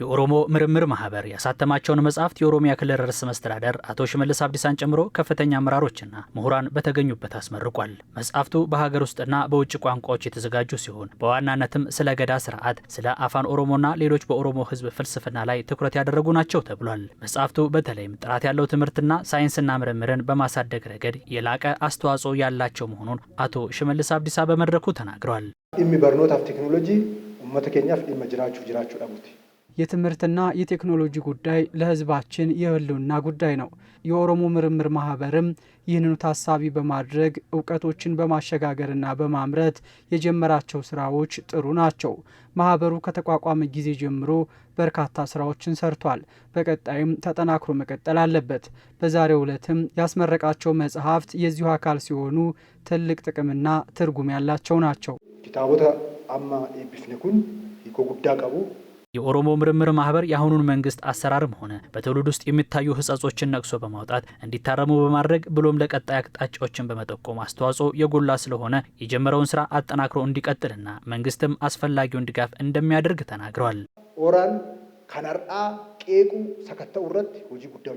የኦሮሞ ምርምር ማህበር ያሳተማቸውን መጽሐፍት የኦሮሚያ ክልል ርዕሰ መስተዳደር አቶ ሽመልስ አብዲሳን ጨምሮ ከፍተኛ አመራሮችና ምሁራን በተገኙበት አስመርቋል። መጽሐፍቱ በሀገር ውስጥና በውጭ ቋንቋዎች የተዘጋጁ ሲሆን በዋናነትም ስለ ገዳ ስርዓት፣ ስለ አፋን ኦሮሞና ሌሎች በኦሮሞ ሕዝብ ፍልስፍና ላይ ትኩረት ያደረጉ ናቸው ተብሏል። መጽሐፍቱ በተለይም ጥራት ያለው ትምህርትና ሳይንስና ምርምርን በማሳደግ ረገድ የላቀ አስተዋጽኦ ያላቸው መሆኑን አቶ ሽመልስ አብዲሳ በመድረኩ ተናግረዋል። የሚበርኖት በርኖታፍ ቴክኖሎጂ መተከኛፍ ኢመጅራችሁ ጅራችሁ የትምህርትና የቴክኖሎጂ ጉዳይ ለህዝባችን የህልውና ጉዳይ ነው። የኦሮሞ ምርምር ማህበርም ይህንኑ ታሳቢ በማድረግ እውቀቶችን በማሸጋገርና በማምረት የጀመራቸው ስራዎች ጥሩ ናቸው። ማህበሩ ከተቋቋመ ጊዜ ጀምሮ በርካታ ስራዎችን ሰርቷል። በቀጣይም ተጠናክሮ መቀጠል አለበት። በዛሬው ዕለትም ያስመረቃቸው መጽሐፍት የዚሁ አካል ሲሆኑ ትልቅ ጥቅምና ትርጉም ያላቸው ናቸው። ኪታቦታ አማ ኤቢፍኔኩን ጉዳ ቀቡ የኦሮሞ ምርምር ማህበር የአሁኑን መንግስት አሰራርም ሆነ በትውልድ ውስጥ የሚታዩ ህጸጾችን ነቅሶ በማውጣት እንዲታረሙ በማድረግ ብሎም ለቀጣይ አቅጣጫዎችን በመጠቆም አስተዋጽኦ የጎላ ስለሆነ የጀመረውን ስራ አጠናክሮ እንዲቀጥልና መንግስትም አስፈላጊውን ድጋፍ እንደሚያደርግ ተናግረዋል። ኦራን ከነርአ ቄቁ ሰከተው ረት ጉዳዩ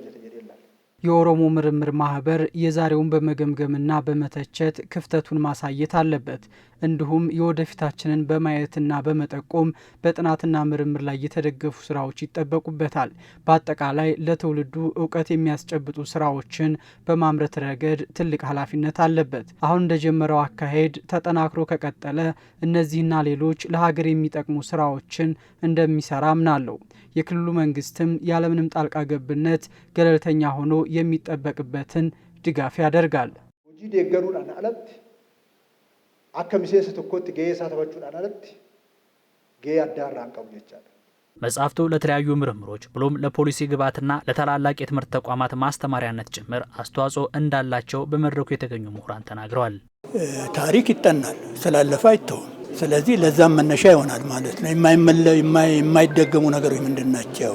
የኦሮሞ ምርምር ማህበር የዛሬውን በመገምገምና በመተቸት ክፍተቱን ማሳየት አለበት። እንዲሁም የወደፊታችንን በማየትና በመጠቆም በጥናትና ምርምር ላይ የተደገፉ ስራዎች ይጠበቁበታል። በአጠቃላይ ለትውልዱ እውቀት የሚያስጨብጡ ስራዎችን በማምረት ረገድ ትልቅ ኃላፊነት አለበት። አሁን እንደጀመረው አካሄድ ተጠናክሮ ከቀጠለ እነዚህና ሌሎች ለሀገር የሚጠቅሙ ስራዎችን እንደሚሰራ አምናለሁ። የክልሉ መንግስትም ያለምንም ጣልቃ ገብነት ገለልተኛ ሆኖ የሚጠበቅበትን ድጋፍ ያደርጋል። akka miseensa tokkotti ga'ee isaa taphachuudhaan alatti ga'ee addaa irraa hin qabu jechaadha. መጽሐፍቱ ለተለያዩ ምርምሮች ብሎም ለፖሊሲ ግብዓትና ለታላላቅ የትምህርት ተቋማት ማስተማሪያነት ጭምር አስተዋጽኦ እንዳላቸው በመድረኩ የተገኙ ምሁራን ተናግረዋል። ታሪክ ይጠናል፣ ስላለፈ አይተውም። ስለዚህ ለዛም መነሻ ይሆናል ማለት ነው። የማይደገሙ ነገሮች ምንድን ናቸው?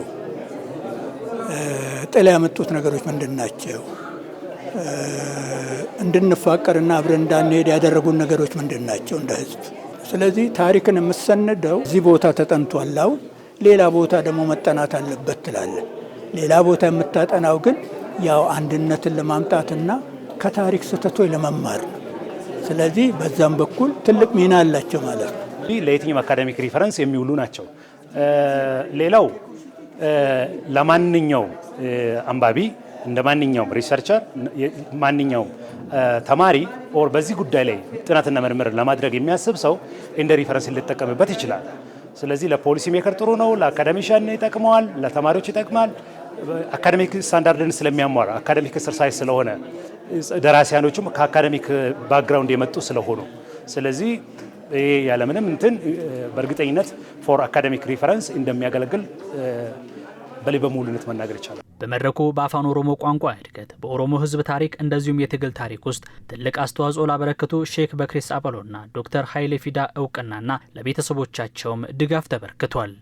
ጥላ ያመጡት ነገሮች ምንድን ናቸው? እንድንፋቀርና አብረን እንዳንሄድ ያደረጉን ነገሮች ምንድን ናቸው እንደ ህዝብ? ስለዚህ ታሪክን የምሰንደው እዚህ ቦታ ተጠንቷል፣ አሁን ሌላ ቦታ ደግሞ መጠናት አለበት ትላለ ሌላ ቦታ የምታጠናው ግን ያው አንድነትን ለማምጣትና ከታሪክ ስህተቶች ለመማር ነው። ስለዚህ በዛም በኩል ትልቅ ሚና አላቸው ማለት ነው። ለየትኛው አካዳሚክ ሪፈረንስ የሚውሉ ናቸው። ሌላው ለማንኛውም አንባቢ እንደ ማንኛውም ሪሰርቸር ማንኛውም ተማሪ ኦር በዚህ ጉዳይ ላይ ጥናትና ምርምር ለማድረግ የሚያስብ ሰው እንደ ሪፈረንስ ሊጠቀምበት ይችላል። ስለዚህ ለፖሊሲ ሜከር ጥሩ ነው፣ ለአካደሚሽን ይጠቅመዋል፣ ለተማሪዎች ይጠቅማል። አካደሚክ ስታንዳርድን ስለሚያሟራ አካደሚክ ስርሳይ ስለሆነ ደራሲያኖቹም ከአካደሚክ ባክግራውንድ የመጡ ስለሆኑ ስለዚህ ይሄ ያለምንም እንትን በእርግጠኝነት ፎር አካደሚክ ሪፈረንስ እንደሚያገለግል በላይ በሙሉነት መናገር ይቻላል። በመድረኩ በአፋን ኦሮሞ ቋንቋ እድገት በኦሮሞ ሕዝብ ታሪክ እንደዚሁም የትግል ታሪክ ውስጥ ትልቅ አስተዋጽኦ ላበረከቱ ሼክ በክሬስ አበሎና ዶክተር ሀይሌ ፊዳ እውቅናና ለቤተሰቦቻቸውም ድጋፍ ተበርክቷል።